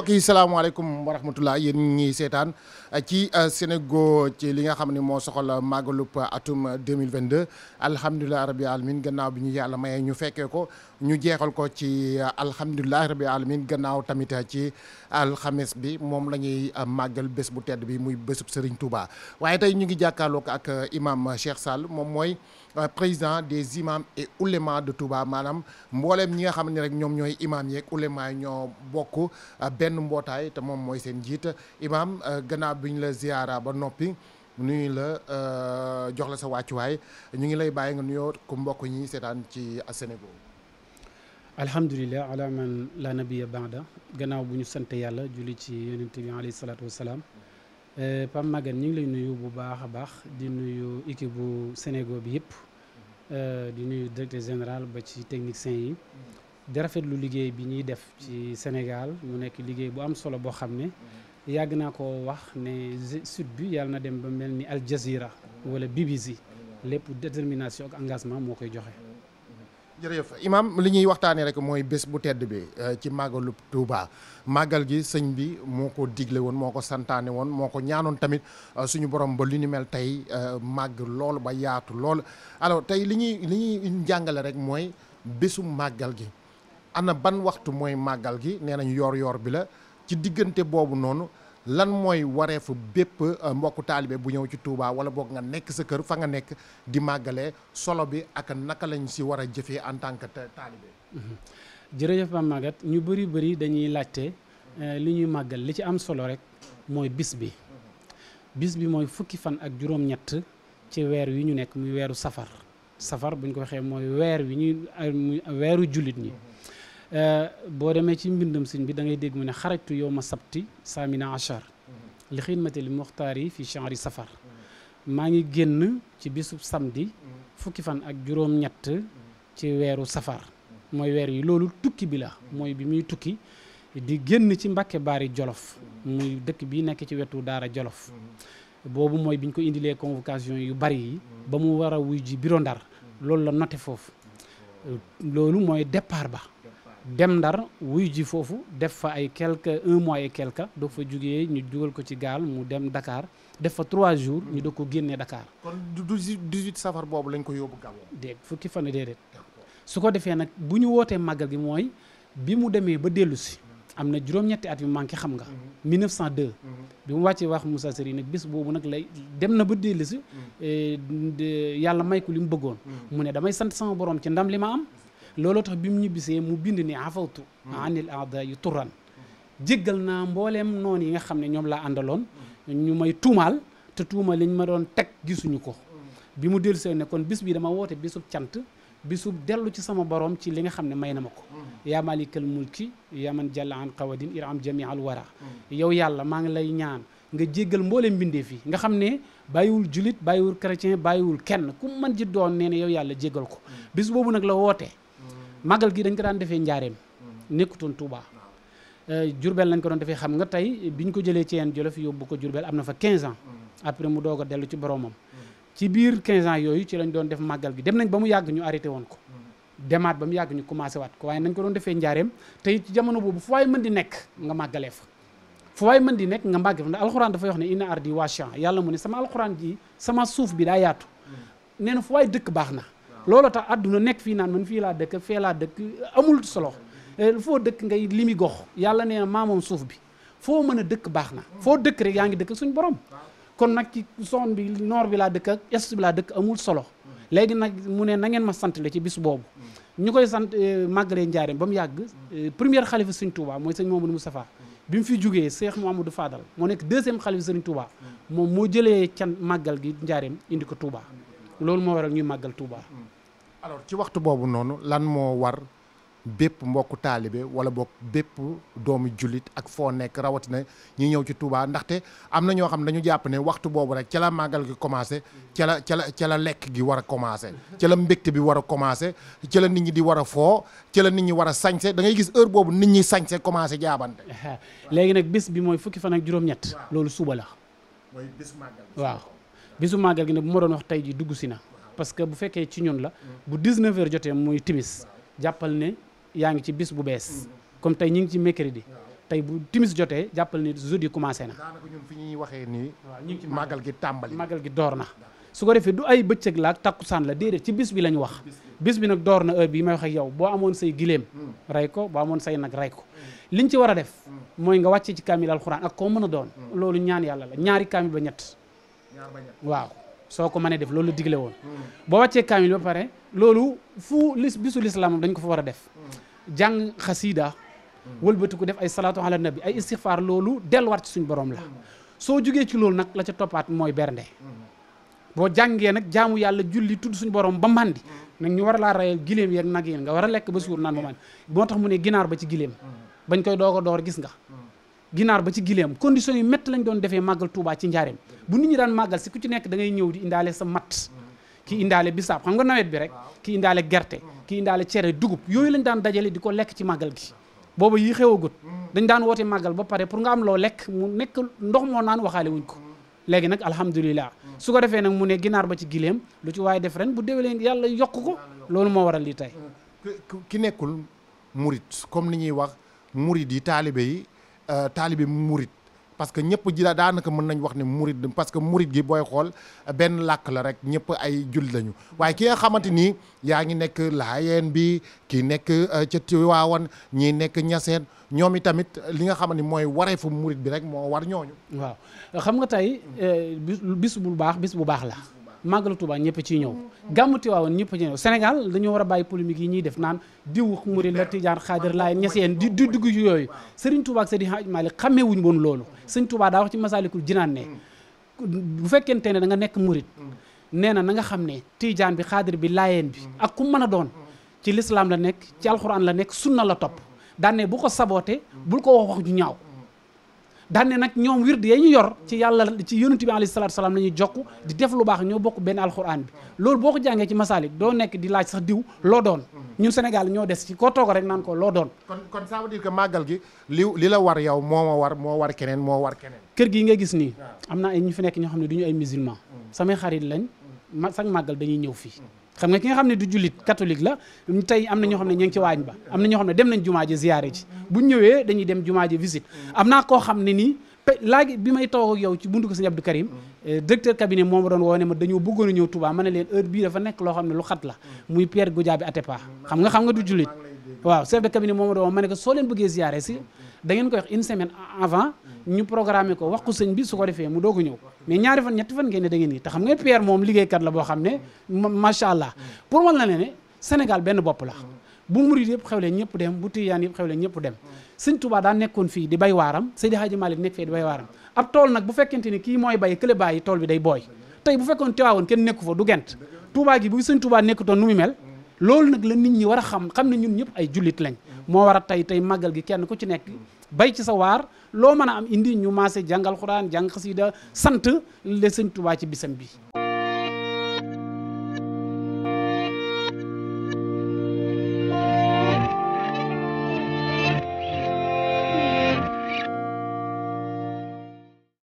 mbokk yi salaamaaleykum wa rahmatullah yéen ñi seetaan ci Sénégo ci li nga xam ne moo soxal màggalub atum 2022 alhamdulilahi rabi alamin gannaaw bi ñu yàlla mayee ñu fekkee ko ñu jeexal ko ci alhamdulilahi rabi alamin gannaaw tamit ci alxames bi moom la ñuy màggal bés bu tedd bi muy bésub Serigne Touba waaye tey ñu ngi jàkkaarloo ko ak imam Cheikh Sall moom mooy Euh, président des imams et oulémas de Touba maanaam mbooleem ñi nga xam ne rek ñoom ñooy imam yeeg ouléma ñoo bokk a euh, benn mbootaay te moom mooy seen njiit imam euh, gannaaw bi ñu la ziyaara ba noppi nuyu la jox la sa wàccuwaay ñu ngi lay bàyyi nga nuyoo ku mbokk ñu seetaan ci Sénégal. alhamdulilah ala man la nabiya baada gannaaw bu ñu sant yàlla julli ci yonent bi alayhi salaatu wa salaam. Euh, Pam Magan ñu ngi lay nuyu bu baax a baax di nuyu équipe bu Sénégal bi yëpp mhm. euh, di nuyu directeur général ba ci technicien yi di rafetlu liggéey bi ñuy def ci Sénégal mu nekk liggéey bu am solo boo xam ne mhm. yàgg naa ko wax ne sud bi yàlla na dem ba mel ni Al Jazeera wala BBC lépp détermination ak engagement moo koy joxe. jërëjëf imam li ñuy waxtaanee rek mooy bés bu tedd bi euh, ci màggalu Touba màggal gi sëñ bi moo ko digle woon moo ko santaane woon moo ko ñaanoon tamit euh, suñu borom ba li ni mel tey euh, màgg lool ba yaatu lool alors tey li ñuy li ñuy njàngale rek mooy bésu màggal gi am na ban waxtu mooy màggal gi nee nañu yoor yoor bi la ci diggante boobu noonu lan mooy wareefu bépp euh, mbokku taalibe bu ñëw ci Touba wala boog nga nekk sa kër fa nga nekk di màggale solo bi ak naka lañu si war a jëfee en tant que taalibe. Mhm. jërëjëf Mame Maguette ñu bari bari dañuy laajte euh, li ñuy màggal li ci am solo rek mooy bis bi bis bi mooy fukki fan ak juróom-ñett ci weer wi ñu nekk muy weeru safar safar buñ ko waxee mooy weer wi ñuy weeru jullit ñi. Eh, boo demee ci mbindum sëñ bi da ngay dégg mu ne xarajtu yow ma sabti saamina achar mm-hmm. li xidmati li muxtaar yi fi chanri safar mm-hmm. maa ngi génn ci bisub samedi mm-hmm. fukki fan ak juróom-ñett ci weeru safar mooy weer yi loolu tukki bi la mooy bi muy tukki di génn ci Mbàkke Baari Jolof muy dëkk bi nekk ci wetu Daara Jolof boobu mooy biñ ko indilee convocation yu bari yi ba mu war a wuy ji biro Ndar loolu la noté foofu loolu mooy départ ba dem ndar wuy ji foofu def fa ay quelque un mois et quelque doog fa jugee ñu jugal ko ci gaal mu dem dakaar def fa trois jours ñu doog ko génnee Dakar. kon du dix-huit safar boobu lañ ko yóbbu Gabon. déet fukki fan yi déedéet su ko defee nag bu ñu wootee màggal gi mooy bi mu demee ba dellu si. am na juróom-ñetti at yu manqué xam nga. 1902. Mhm. Mhm. bi mu wàccee wax Moussa Seri nag bis boobu nag lay dem na ba dellu si. Mhm. Eh, yàlla may ko li mu bëggoon. mu ne damay sant sama borom looloo tax bi mu ñibbisee mu bind ni afawtu hmm. anil aada yu turan jéggal naa mbooleem noonu yi nga xam ne ñoom laa àndaloon ñu may tuumaal te tuuma liñ ma doon teg gisuñu ko bi mu dellusee ne kon bis bi dama woote bisub cant bisub dellu ci sama borom ci li nga xam ne may na ma ko hmm. yaa malikal mulki yaa man jalla an qawadin iram jamial wara hmm. yow yàlla maa ngi lay ñaan nga jéggal mbooleem mbindeef fii nga xam ne bàyyiwul julit bàyyiwul chrétien bàyyiwul kenn ku mën ji nee na yow yàlla jéggal ko bis boobu nag la woote màggal gi dañ ko daan defee njaareem nekkutoon Touba Jurbel euh, lañ ko doon defee xam nga tey bi ñu ko jëlee ci yeen Jolof yóbbu ko Jurbel am na fa 15 ans mm. après mu doog a dellu ci boromam mm. ci biir 15 ans yooyu ci lañ doon def màggal gi dem nañ ba mu yàgg ñu arrêté woon ko mm. demaat ba mu yàgg ñu commencé waat ko waaye nañ ko doon defee njaareem tey ci jamono boobu fu waay mën di nekk nga màggalee fa fu waay mën di nekk nga màggale fa ndax alxuraan dafa wax ne inna ardi waa champs mu ne sama alxuraan ji sama suuf bi daa yaatu nee na fu dëkk baax na looloo tax àdduna nekk fii naan man fii laa dëkk fee laa dëkk amul solo eh, foo dëkk ngay limi gox yàlla nee na maa moom suuf bi foo mën a dëkk baax na foo dëkk rek yaa ngi dëkk suñu borom kon nag ci zone bi noor bi laa dëkk ak est bi laa dëkk amul solo léegi nag mu ne na ngeen ma sant la ci bis boobu ñu koy sant eh, màggalee njaareem ba mu yàgg eh, première xalifa sëñ Touba mooy sëñ Mamadou Moustapha bi mu fi jugee Cheikh Mouhamadou Fadal moo nekk deuxième xalifa sëñ Touba moom moo jëlee can màggal gi njaareem indi ko Touba loolu moo waral ñuy màggal Touba. Hmm. alors ci waxtu boobu noonu lan moo war bépp mbokku taalibe wala boog bépp doomu jullit ak foo nekk rawatina ñi ñëw ci Touba ndaxte am na ñoo xam dañu jàpp ne waxtu boobu rek ca màggal gi commencé ca la ca la ca la lekk gi war a commencé ca la mbégte bi war a commencé ca nit ñi di war a foo ca la nit ñi war a sañse da ngay gis heure boobu nit ñi sañse commencé jaabante léegi nag bis bi mooy fukki fan ak juróom-ñett loolu suba la mooy bis màggal bisu màggal gi ne bu ma doon wax tey dugg si na parce que bu fekkee ci ñun la bu 19 heures jotee muy timis jàppal ne yaa ngi ci bis bu bees comme tey ñu ngi ci mercredi tey bu timis jotee jàppal ne jeudi commencé na. daanaka ñun fi ñuy waxee nii. waaw màggal gi tàmbali. màggal gi door na su ko defee du ay bëccëg la ak takkusaan la déedéet ci bis bi la ñu wax. bis bi nag door na heure bii may wax ak yow boo amoon say gileem. Hmm. rey ko boo amoon say nag rey ko. Hmm. li ñu ci war a def. Hmm. mooy nga wàccee ci kaamil alxuraan ak koo mën a doon. loolu ñaan waaw soo ko mënee def loolu digle woon boo wàccee kaamil ba pare loolu fu lis bisu lislaam dañ ko fa war a def jàng xasiida wëlbatiku def ay salaatu ala nabi ay istixfaar loolu delluwaat ci suñ borom la soo jugee ci loolu nag la ca toppaat mooy bernde boo jàngee nag jaamu yàlla julli tudd suñ borom ba màndi nag ñu war a laa rayal giléem yeeg nag yéen nga war a lekk ba suur naan ba màndi moo tax mu ne ginaar ba ci giléem bañ koy doog a door gis ginaar ba ci gileem condition yi métti lañ doon defee màggal Touba ci njaareem bu nit ñi daan màggal si ku ci nekk dangay ñëw di indaale sa mat ki indaale bisaab xam nga nawet bi rek ki indaale gerte ki indaale cere dugub yooyu lañ daan dajale di ko lekk ci màggal gi booba yi xewagut dañ daan wootee màggal ba pare pour nga am loo lekk mu nekk ndox moo naan waxaale wuñ ko léegi nag alhamdulilah su ko defee nag mu ne ginaar ba ci gileem lu ci waaye def ren bu déwénee yàlla yokk ko loolu moo waral li tey ki nekkul murit comme ni ñuy wax murit yi taalibe yi Euh, taalibe murit parce que ñëpp ji daanaka mën nañ wax ne murit parce que murit gi booy xool benn làkk la rek ñëpp ay jul lañu waaye ki nga xamante ni yaa ngi nekk laayeen bi kii nekk euh, ca Tiwaawan ñii nekk ñaseen ñoom i tamit li nga xam ne mooy fu murit bi rek moo war ñooñu. waaw xam nga tey euh, bis bu baax bis bu baax la. màggalu Touba ñëpp ciy ñëw gàmmu Tiwaawan ñëpp ci ñëw Sénégal dañoo war a bàyyi polémique yi ñuy def naan diw murid la tijaan xaadir laay ñeseen di di dugg yooyu Serigne Touba ak Serigne Hadj Malick xamee wuñ woon loolu Serigne Touba daa wax ci Masaalikul Jinaan ne bu fekkente ne da nga nekk murid nee na na nga xam ne tijaan bi xaadir bi laayeen bi ak ku mën a doon ci lislaam la nekk ci alxuraan la nekk sunna la topp daanne bu ko sabootee bu bul ko wax wax ju ñaaw daan nag ñoom wird ya ñu yor ci yàlla ci yonent bi alayhi salaatu salaam la ñuy jokk di def lu baax ñoo bokk benn alxuraan bi loolu boo ko jàngee ci masaalik doo nekk di laaj sax diw loo doon ñun Sénégal ñoo des ci koo toog rek naan ko loo doon kon kon ça veut que màggal gi li li la war yow moo ma war moo war keneen moo war keneen kër gi nga gis nii am na ay ñu fi nekk ñoo xam ne du ñu ay musulman mm. samay xarit lañ sañ màggal dañuy ñëw fii xam nga ki nga xam ne du jullit catholique la tey am na ñoo xam ne ñu ngi ci waañ ba am na ñoo xam ne dem nañ jumaa ji ziyaare ji buñ ñëwee dañuy dem jumaa ji visite am naa koo xam ne nii laa bi may toog yow ci buntu ko sëñ Abdou Karim eh, directeur cabinet moo ma doon woo ne ma dañoo bëggoon a ñëw Touba ma ne leen heure bii dafa nekk loo xam ne lu xat la muy Pierre Goudiaby Atepa xam nga xam nga du jullit waaw chef de cabinet moo ma doon woo ma ne soo leen bëggee ziyaare si dangeen ngeen ko une semaine avant ñu programmé ko wax ko sëñ bi su ko defee mu doog a ñëw mais ñaari fan ñetti fan ngeen ne da ngeen nii te xam nga Pierre moom liggéeykat la boo xam ne macha allah pour man la ne ne Sénégal benn bopp la bu murid yëpp xewle ñëpp dem bu tiyaan yëpp xewle ñëpp dem sëñ Touba daa nekkoon fii di bay waaram Seydi Hadji Malick nekk fii di bay waaram ab tool nag bu fekkente ni kii mooy bay kële bàyyi tool bi day booy tey bu fekkoon teewaawoon kenn nekku fa du gent Touba gi bu sëñ Touba nekkutoon nu mu mel loolu nag la nit ñi war a xam xam ne ñun ñëpp ay jullit lañ moo war a tey tey màggal gi kenn ku ci nekk bay ci sa waar loo mën a am indi ñu maase jàngal xuraan jàng xasida sant le sëñ Tuubaa ci bisam bi